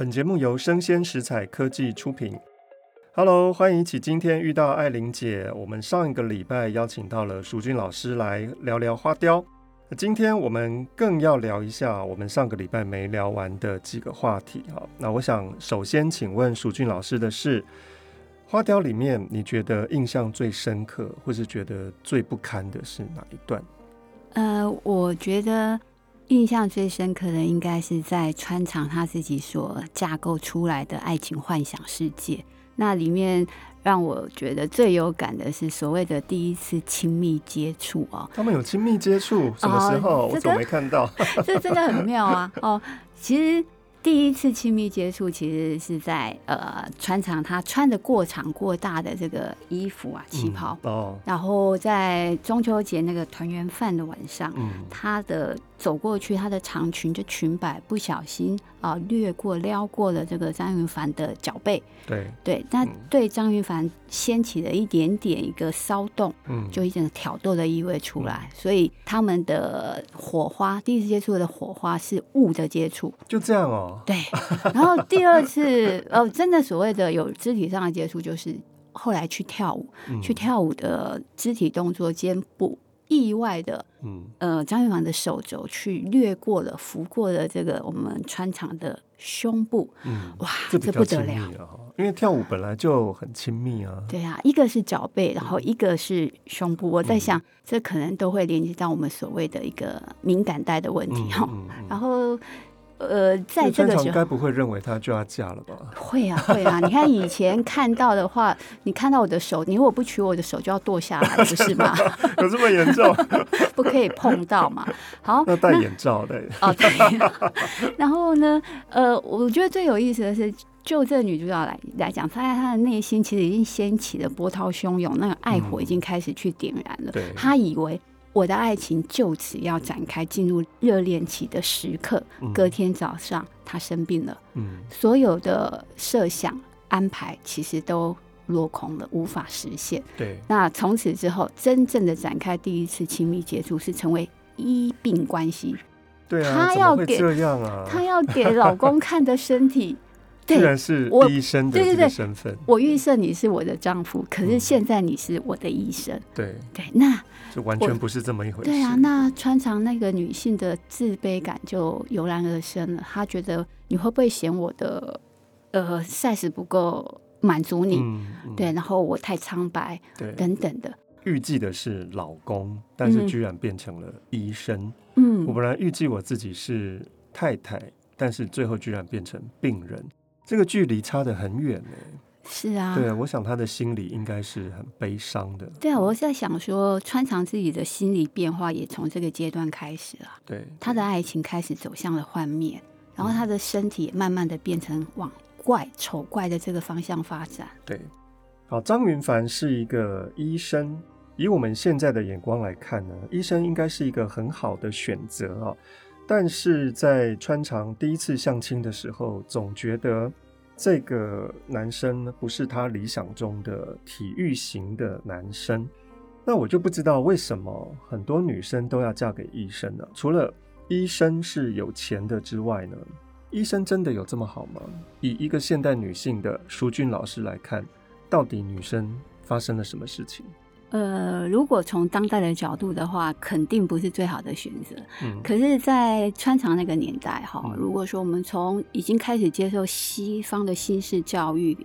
本節目由聲鮮時采科技出品。哈嘍，歡迎一起今天遇到愛玲姐。我們上一個禮拜邀請到了淑珺老師來聊聊花凋。那今天我們更要聊一下我們上個禮拜沒聊完的幾個話題。好，那我想首先請問淑珺老師的是，花凋裡面你覺得印象最深刻，或是覺得最不堪的是哪一段？呃，我覺得。印象最深刻的應該是在川嫦他自己所架構出來的愛情幻想世界，那裡面讓我覺得最有感的是所謂的第一次親密接觸哦、喔，他們有親密接觸？什麼時候？呃這個、我怎麼沒看到？這真的很妙啊！哦、呃，其實第一次親密接觸其實是在呃川嫦他穿的過長過大的這個衣服啊，旗袍、嗯、哦，然後在中秋節那個團圓飯的晚上，嗯、他的。走過去，他的長裙就裙擺不小心啊、呃、掠過、撩過了這個章雲藩的腳背，對對，那對章雲藩掀起了一點點一個騷動，嗯，就一種挑逗的意味出來，嗯、所以他們的火花第一次接觸的火花是物的接觸，就這樣哦，對，然後第二次哦、 呃，真的所謂的有肢體上的接觸，就是後來去跳舞、嗯，去跳舞的肢體動作、肩部。意外的，嗯，呃，章雲藩的手肘去掠過了、拂過了這個我們川嫦的胸部，嗯，哇，這、哦、這不得了，因為跳舞本來就很親密啊、嗯，對啊，一個是腳背，然後一個是胸部，我在想，嗯、這可能都會連接到我們所謂的一個敏感帶的問題哈、哦嗯嗯嗯，然後。呃，在這個時候，該不會認為她就要嫁了吧？會啊，會啊！你看以前看到的話，你看到我的手，你如果不娶我的手，就要剁下來，不是嗎 有這麼嚴重 不可以碰到嘛？好， 那戴眼罩的。哦，對。然後呢？呃，我覺得最有意思的是，就這女主角來來講，發現她的內心其實已經掀起了波濤洶湧，那個愛火已經開始去點燃了。對，她以為。我的愛情就此要展開，進入熱戀期的時刻。隔天早上，她生病了。嗯、所有的設想安排其實都落空了，無法實現。對，那從此之後，真正的展開第一次親密接觸是成為醫病關係。對、啊、她要給這樣啊？她要給老公看的身體。 居然是醫生的這個身份，我預設你是我的丈夫，可是現在你是我的醫生，嗯、對對，那就完全不是這麼一回事。對啊，那川嫦那個女性的自卑感就油然而生了。她覺得你會不會嫌我的呃 size 不夠滿足你，嗯嗯。對，然後我太蒼白，等等的。預計的是老公，但是居然變成了醫生。嗯，我本來預計我自己是太太，但是最後居然變成病人。這個距離差得很遠呢？是啊，對，我想他的心裡應該是很悲傷的。對啊，我在想說，川嫦自己的心理變化也從這個階段開始了。對，他的愛情開始走向了幻滅，然後他的身體也慢慢的變成往怪、嗯、醜怪的這個方向發展。對，好，張雲凡是一個醫生，以我們現在的眼光來看呢，醫生應該是一個很好的選擇哦。但是在川嫦第一次相親的時候，總覺得這個男生不是她理想中的體育型的男生。那我就不知道為什麼很多女生都要嫁給醫生了啊，除了醫生是有錢的之外呢？醫生真的有這麼好嗎？以一個現代女性的淑珺老師來看，到底女生發生了什麼事情？呃，如果從當代的角度的話，肯定不是最好的選擇。嗯。可是，在穿腸那個年代哈，如果說我們從已經開始接受西方的新式教育。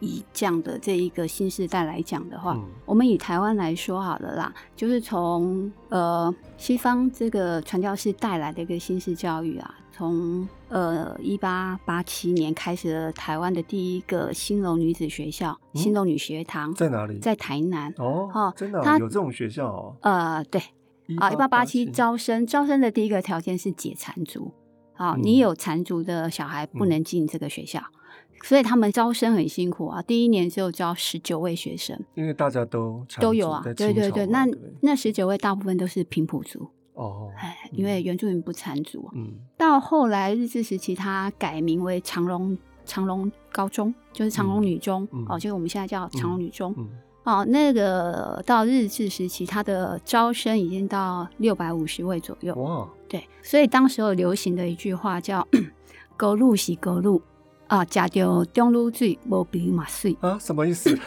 以這樣的這一個新時代來講的話、嗯，我們以台灣來說好了啦,就是從呃西方這個傳教士帶來的一個新式教育啊,從呃一八八七年開始了,台灣的第一個新樓女子學校，嗯、新樓女學堂在哪裡？在台南哦，哦，真的、哦，它有這種學校哦。呃，對、1887? 啊，一八八七招生，招生的第一個條件是解纏足，好、啊嗯，你有纏足的小孩不能進這個學校。嗯嗯所以他們招生很辛苦啊，第一年就招十九位學生，因為大家都都有啊，對對對，那對對那十九位大部分都是平埔族哦、嗯，因為原住民不纏足。啊。嗯，到後來日治時期，他改名為長榮長榮高中，就是長榮女中、嗯、哦，嗯、就是我們現在叫長榮女中、嗯嗯、哦。那個到日治時期，他的招生已經到六百五十位左右。哇，對，所以當時候流行的一句話叫“格路喜格路”。啊，假掉中路最無比馬歲啊，什麼意思？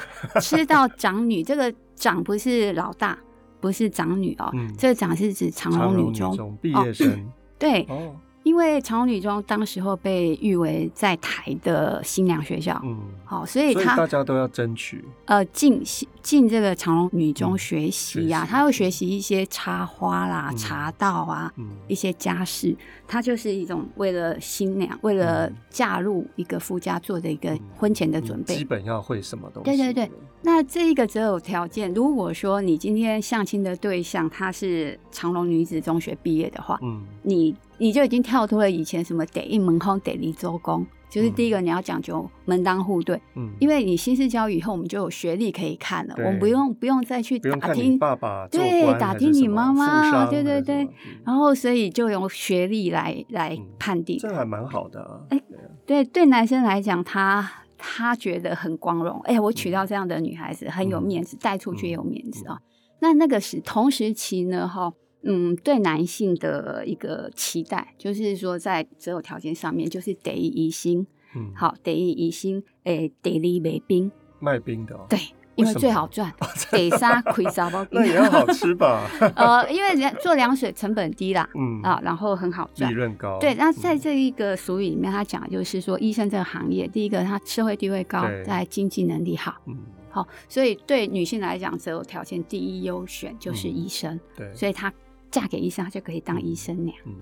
吃到長女， 這個長不是老大，不是長女啊、喔嗯，這個長是指長榮女中畢業生，喔嗯、對。哦因為長榮女中當時候被譽為在台的新娘學校，嗯，好、哦，所以大家都要爭取，呃，進進這個長榮女中學習呀、啊，她、嗯、要學習一些插花啦、嗯、茶道啊、嗯，一些家事，她就是一種為了新娘、嗯、為了嫁入一個夫家做的一個婚前的準備。嗯、基本要會什麼東西？對對對。那這一個擇偶條件，如果說你今天相親的對象他是長榮女子中學畢業的話，嗯，你。你就已經跳脫了以前什麼得一門框、得立周公，就是第一個你要講究門當戶對，嗯，因為你新式教育以後，我們就有學歷可以看了，我們不用不用再去打聽你爸爸，對，打聽你媽媽，對對對、嗯，然後所以就用學歷來來判定，、嗯，這還蠻好的、啊，哎，對、啊欸、對，對男生來講，他他覺得很光榮，哎、欸，我娶到這樣的女孩子、嗯、很有面子、嗯，帶出去也有面子、嗯、啊，那那個是同時期呢，哈。嗯，對男性的一個期待，就是說在擇偶條件上面，就是第一醫生，嗯，好第一醫生，誒，第二賣冰，賣冰的、哦，對，因為最好賺，得殺虧沙包， 那也要好吃吧？ 呃，因為人做涼水成本低啦，嗯啊，然後很好賺，利潤高，對。那在這一個俗語裡面，他講的就是說、嗯、醫生這個行業，第一個他社會地位高，再來經濟能力好，嗯，好，所以對女性來講，擇偶條件第一優選就是醫生，嗯、對，所以他。嫁給醫生，他就可以當醫生娘，嗯，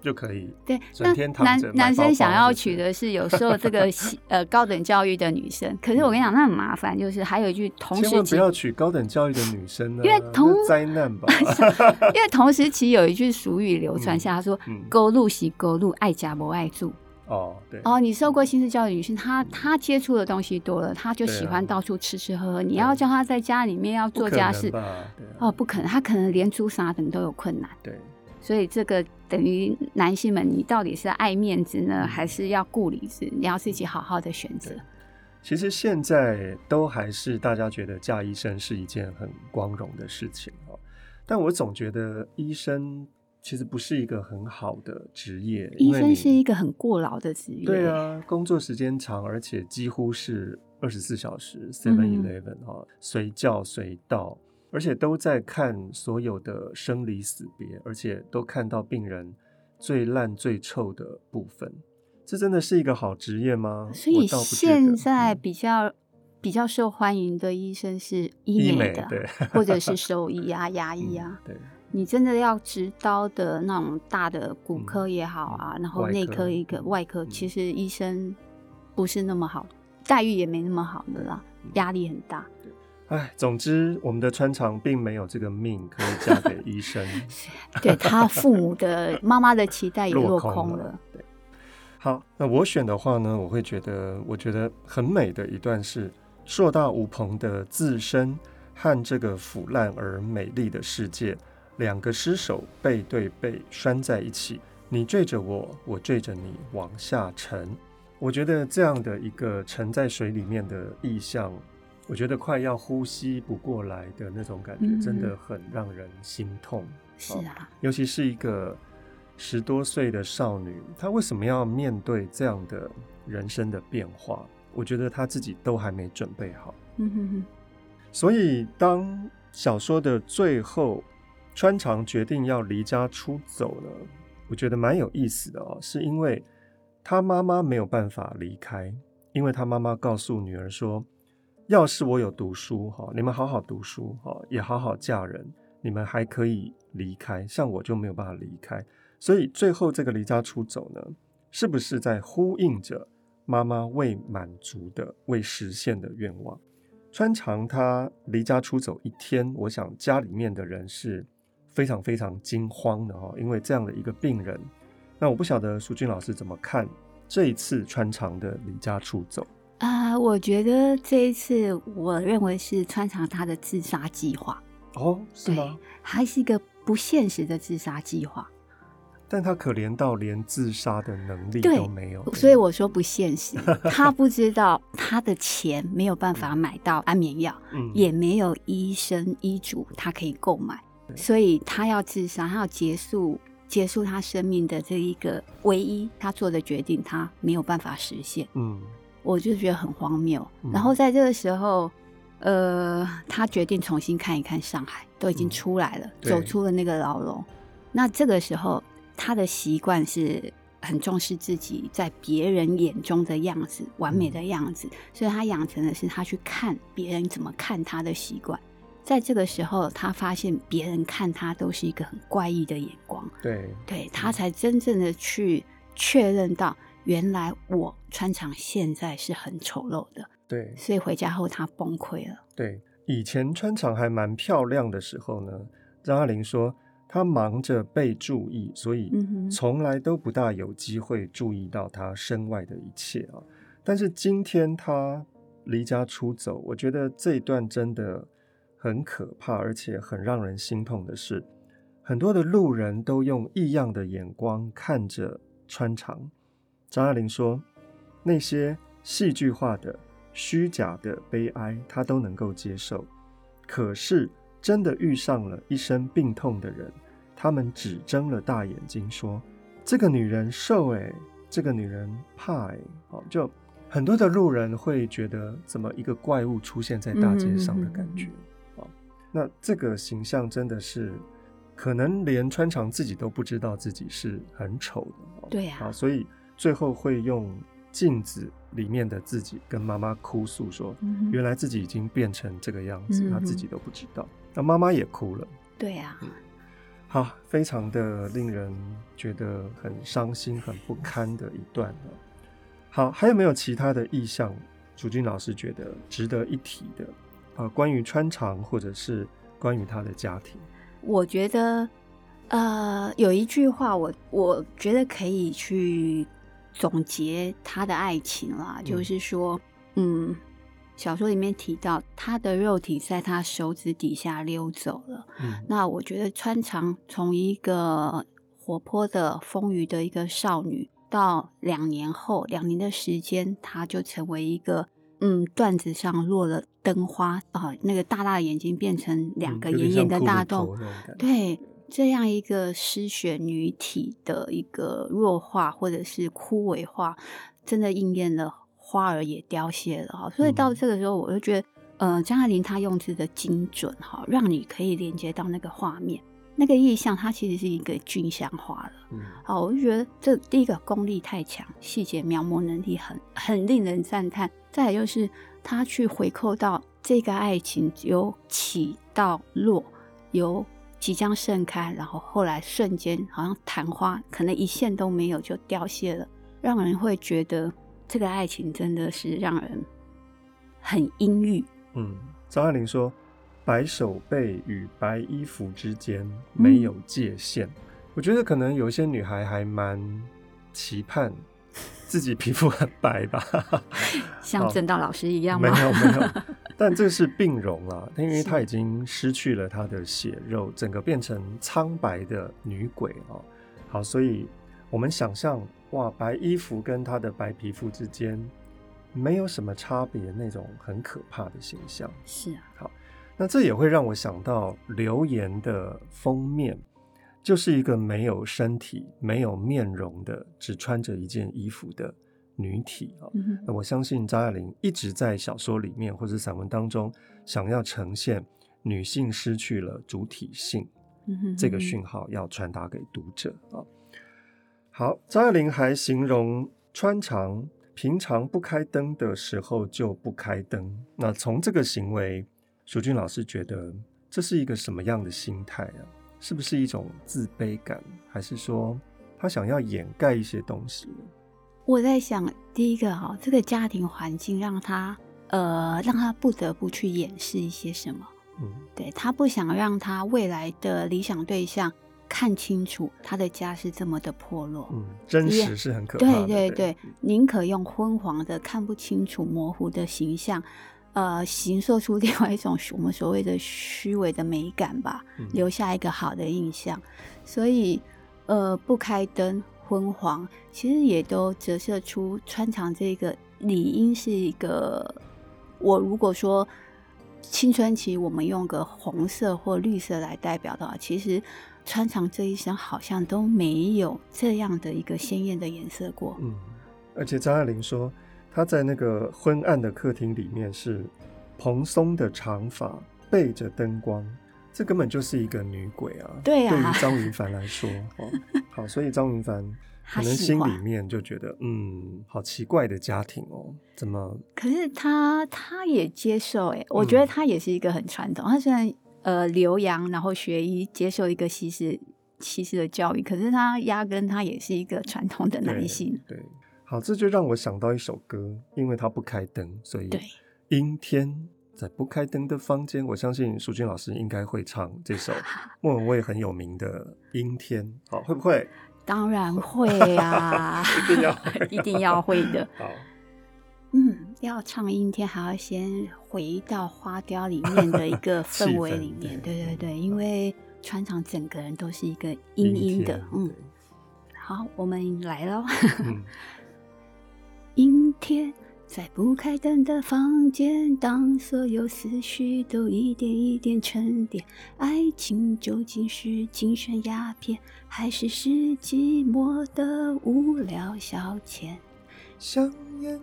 就可以。對，那、就是、男男生想要娶的是有時候這個 呃高等教育的女生，可是我跟你講，那很麻煩，就是還有一句同時期，千萬不要娶高等教育的女生、啊，因為同災難吧， 因為同時其實有一句俗語流傳下，他 說、嗯，勾、嗯、路喜勾路，愛家不愛住。哦，對哦，你受過新式教育女性，她她、嗯、接觸的東西多了，她就喜歡到處吃吃喝喝。你要叫她在家裡面要做家事、啊，哦，不可能，她可能連煮可能都有困難。對，所以這個等於男性們，你到底是愛面子呢，還是要顧裡子？你要自己好好的選擇。其實現在都還是大家覺得嫁醫生是一件很光榮的事情、哦、但我總覺得醫生。其實不是一個很好的職業，醫生是一個很過勞的職業。對啊，工作時間長，而且幾乎是二十四小時，Seven Eleven 哈，隨叫隨到，而且都在看所有的生離死別，而且都看到病人最爛最臭的部分。這真的是一個好職業嗎？所以現在比較、嗯、比較受歡迎的醫生是醫美，的醫美，對， 或者是獸醫啊、牙醫啊，嗯、對。你真的要直刀的那種大的骨科也好啊，嗯嗯、然後內科一個外科，嗯、外科其實醫生不是那麼好、嗯，待遇也沒那麼好的啦，嗯、壓力很大。哎，總之，我們的川嫦並沒有這個命可以嫁給醫生， 對他父母的 媽媽的期待也落空，落空了。對，好，那我選的話呢，我會覺得我覺得很美的一段是碩大無朋的自身和這個腐爛而美麗的世界。兩個屍首背對背拴在一起，你墜着我，我墜着你往下沉。我覺得這樣的一個沉在水裡面的意象，我覺得快要呼吸不過來的那種感覺，真的很讓人心痛、嗯。是啊，尤其是一個十多歲的少女，她為什麼要面對這樣的人生的變化？我覺得她自己都還沒準備好。嗯哼哼。所以當小說的最後。川嫦決定要離家出走呢，我覺得蠻有意思的哦，是因為他媽媽沒有辦法離開，因為他媽媽告訴女兒說，要是我有讀書哈，你們好好讀書哈，也好好嫁人，你們還可以離開，像我就沒有辦法離開，所以最後這個離家出走呢，是不是在呼應着媽媽未滿足的、未實現的願望？川嫦他離家出走一天，我想家裡面的人是。非常非常驚慌的哈，因為這樣的一個病人，那我不曉得淑珺老師怎麼看這一次川嫦的離家出走啊、呃？我覺得這一次，我認為是川嫦他的自殺計劃哦，對。還是一個不現實的自殺計劃？但他可憐到連自殺的能力都沒有，所以我說不現實。 他不知道他的錢沒有辦法買到安眠藥、嗯，也沒有醫生醫囑，他可以購買。所以他要自殺，他要結束結束他生命的這一個唯一他做的決定，他沒有辦法實現。嗯，我就覺得很荒謬，嗯。然後在這個時候，呃，他決定重新看一看上海，都已經出來了，嗯，走出了那個牢籠。那這個時候，他的習慣是很重視自己在別人眼中的樣子，完美的樣子。嗯，所以他養成的是他去看別人怎麼看他的習慣。在這個時候，他發現別人看他都是一個很怪異的眼光。對，對，他才真正的去確認到，原來我川嫦現在是很醜陋的。對，所以回家後他崩潰了。對，以前川嫦還蠻漂亮的時候呢，張愛玲說，他忙着被注意，所以從來都不大有機會注意到他身外的一切啊。但是今天他離家出走，我覺得這一段真的。很可怕，而且很讓人心痛的是，很多的路人都用異樣的眼光看着川嫦，張愛玲說：“那些戲劇化的、虛假的悲哀，她都能夠接受。可是真的遇上了一身病痛的人，他們只睜了大眼睛說：‘這個女人瘦誒、欸，這個女人怕誒。哦，就很多的路人會覺得怎麼一個怪物出現在大街上的感覺。”那這個形象真的是，可能連川嫦自己都不知道自己是很醜的，對呀、啊啊。所以最後會用鏡子裡面的自己跟媽媽哭訴說、嗯，原來自己已經變成這個樣子，他、嗯、自己都不知道。那媽媽也哭了，對呀、啊嗯。好，非常的令人覺得很傷心、很不堪的一段。好，還有沒有其他的意象？淑珺老師覺得值得一提的。呃，關於川嫦，或者是關於他的家庭，我覺得，呃，有一句話我，我我覺得可以去總結他的愛情啦，嗯、就是說，嗯，小說裡面提到他的肉體在他手指底下溜走了，嗯、那我覺得川嫦從一個活潑的、豐腴的一個少女，到兩年後，兩年的時間，她就成為一個。嗯，段子上落了燈花啊、呃，那個大大的眼睛變成兩個圓圓的大洞、嗯的對，對，這樣一個失血女體的一個弱化或者是枯萎化，真的應驗了，花兒也凋謝了哈。所以到這個時候，我就覺得，嗯、呃，張愛玲她用字的精準哈，讓你可以連接到那個畫面，那個意象，它其實是一個具象化了、嗯。好，我就覺得這第一個功力太強，細節描摹能力很很令人讚嘆。再來就是，他去回扣到這個愛情由起到落，由即將盛開，然後後來瞬間好像曇花，可能一線都沒有就凋謝了，讓人會覺得這個愛情真的是讓人很陰鬱。嗯，張愛玲說：“白手背與白衣服之間沒有界限。”嗯，我覺得可能有些女孩還蠻期盼。 自己皮膚很白吧，像正道老師一樣嗎？沒有沒有，但這是病容啊， 因為他已經失去了他的血肉，整個變成蒼白的女鬼啊、哦。好，所以我們想象哇，白衣服跟她的白皮膚之間沒有什麼差別，那種很可怕的形象。是啊，好，那這也會讓我想到流言的封面。就是一個沒有身體、沒有面容的，只穿着一件衣服的女體啊！嗯、那我相信張愛玲一直在小說裡面或者散文當中，想要呈現女性失去了主體性、嗯、哼哼哼這個訊號，要傳達給讀者啊。好，張愛玲還形容穿長，平常不開燈的時候就不開燈。那從這個行為，淑珺老師覺得這是一個什麼樣的心態啊？是不是一種自卑感，還是說他想要掩蓋一些東西呢？我在想，第一個哈、喔，這個家庭環境讓他呃，讓他不得不去掩飾一些什麼。嗯，對，他不想讓他未來的理想對象看清楚他的家是這麼的破落。嗯，真實是很可怕。Yeah, 對，對對對，寧可用昏黃的、看不清楚、模糊的形象。呃，形塑出另外一種我們所謂的虛偽的美感吧，留下一個好的印象。嗯、所以，呃，不開燈昏黃，其實也都折射出川嫦這個理應是一個。我如果說青春期，我們用個紅色或綠色來代表的話，其實川嫦這一生好像都沒有這樣的一個鮮豔的顏色過。嗯，而且張愛玲說。他在那個昏暗的客廳裡面是蓬鬆的長髮，背着燈光，這根本就是一個女鬼啊！對啊，對於章雲藩來說、 哦，好，所以章雲藩可能心裡面就覺得，嗯，好奇怪的家庭哦，怎麼？可是他他也接受，哎，我覺得他也是一個很傳統。嗯、他雖然呃留洋，然後學醫，接受一個西式西式的教育，可是他壓根他也是一個傳統的男性。對。對好，這就讓我想到一首歌，因為它不開燈，所以陰天在不開燈的房間，我相信淑君老師應該會唱這首莫文蔚很有名的《陰天》。好，會不會？當然會呀、啊， 一定要會、啊， 一定要會的。 好，嗯，要唱《陰天》，還要先回到花凋裡面的一個氛圍裡面 對。對對對、嗯，因為川嫦整個人都是一個陰陰的陰。嗯，好，我們來嘍。 嗯陰天，在不開燈的房間，當所有思緒都一點一點沉澱，愛情究竟是精神鴉片，還是世紀末的無聊消遣？香煙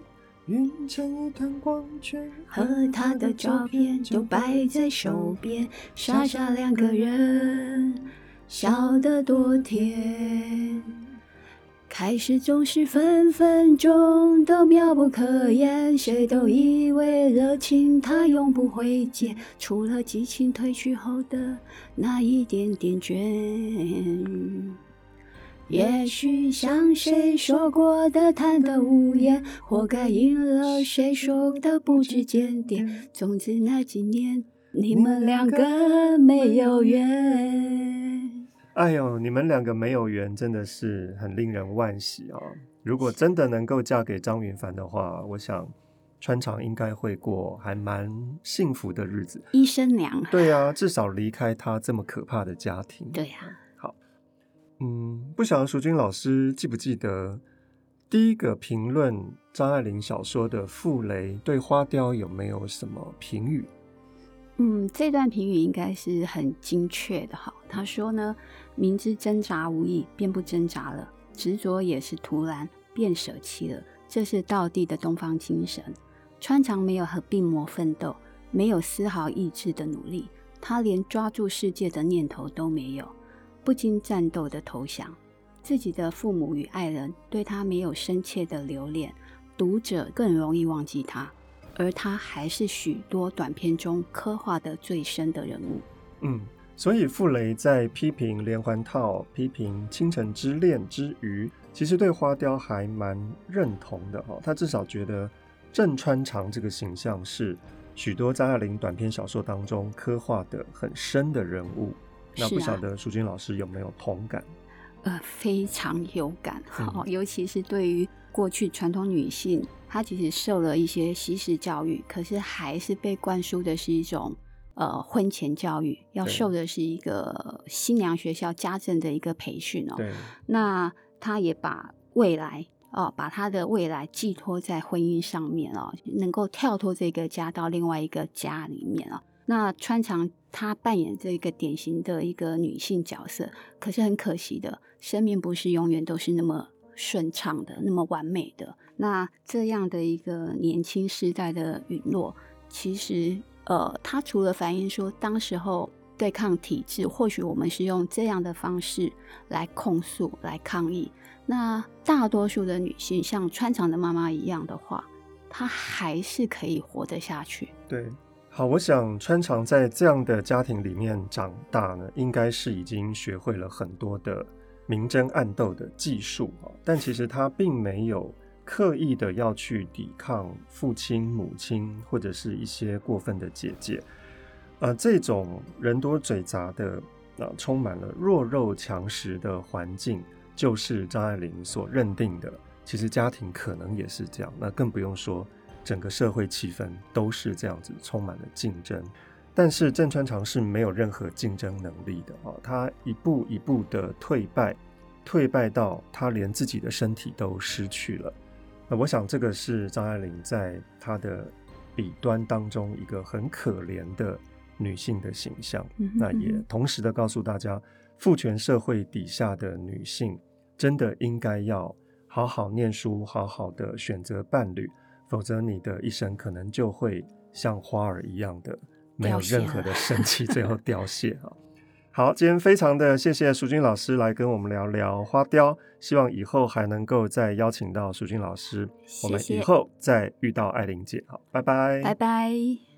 氲成一灘光圈，和他的照片就擺在手邊，傻傻兩個人笑得多甜。開始總是分分鐘都妙不可言，誰都以為熱情它永不會減，除了激情褪去後的那一點點倦。也許像誰說過的貪得無厭，活該應了誰說的不知檢點。總之，那幾年，你們兩個沒有緣。哎呦，你們兩個沒有緣，真的是很令人惋惜啊！如果真的能夠嫁給張雲凡的話，我想川嫦應該會過還蠻幸福的日子。醫生娘，對啊，至少離開他這麼可怕的家庭。對呀、啊，好，嗯，不曉得淑珺老師記不記得第一個評論張愛玲小說的傅雷對花凋有沒有什麼評語？嗯，這段評語應該是很精確的哈。他說呢，明知掙扎無益，便不掙扎了；執着也是徒然，便舍棄了。這是道地的東方精神。川嫦沒有和病魔奮鬥，沒有絲毫意志的努力，他連抓住世界的念頭都沒有，不經戰鬥的投降。自己的父母與愛人對他沒有深切的留戀，讀者更容易忘記他。而他還是許多短篇中刻畫的最深的人物。嗯，所以傅雷在批評《連環套》、批評《傾城之戀》之餘，其實對花凋還蠻認同的、哦、他至少覺得鄭川嫦這個形象是許多張愛玲短篇小說當中刻畫的很深的人物。啊、那不曉得淑珺老師有沒有同感？呃，非常有感，嗯哦，尤其是對於過去傳統女性，嗯、她其實受了一些西式教育，可是還是被灌輸的是一種，呃，婚前教育，要受的是一個新娘學校家政的一個培訓哦。那她也把未來，哦，把她的未來寄託在婚姻上面哦，能夠跳脫這個家到另外一個家裡面，哦，那川嫦。她扮演這個典型的一個女性角色，可是很可惜的，生命不是永遠都是那麼順暢的，那麼完美的。那這樣的一個年輕時代的隕落，其實呃，她除了反映說當時候對抗體制，或許我們是用這樣的方式來控訴、來抗議。那大多數的女性像川嫦的媽媽一樣的話，她還是可以活得下去。對。好，我想川嫦在這樣的家庭裡面長大呢，應該是已經學會了很多的明爭暗鬥的技術啊。但其實他並沒有刻意的要去抵抗父親、母親或者是一些過分的姐姐。呃，這種人多嘴雜的啊、呃，充滿了弱肉強食的環境，就是張愛玲所認定的。其實家庭可能也是這樣，那更不用說。整個社會氣氛都是這樣子，充滿了競爭。但是鄭川嫦是沒有任何競爭能力的啊，他、哦、一步一步的退敗，退敗到他連自己的身體都失去了。那我想，這個是張愛玲在她的筆端當中一個很可憐的女性的形象、嗯哼哼。那也同時的告訴大家，父權社會底下的女性真的應該要好好念書，好好的選擇伴侶。否則，你的一生可能就會像花兒一樣的沒有任何的生氣，最後凋謝啊！ 好，今天非常的謝謝淑珺老師來跟我們聊聊花凋，希望以後還能夠再邀請到淑珺老師，謝謝，我們以後再遇到愛玲姐，好，拜拜，拜拜。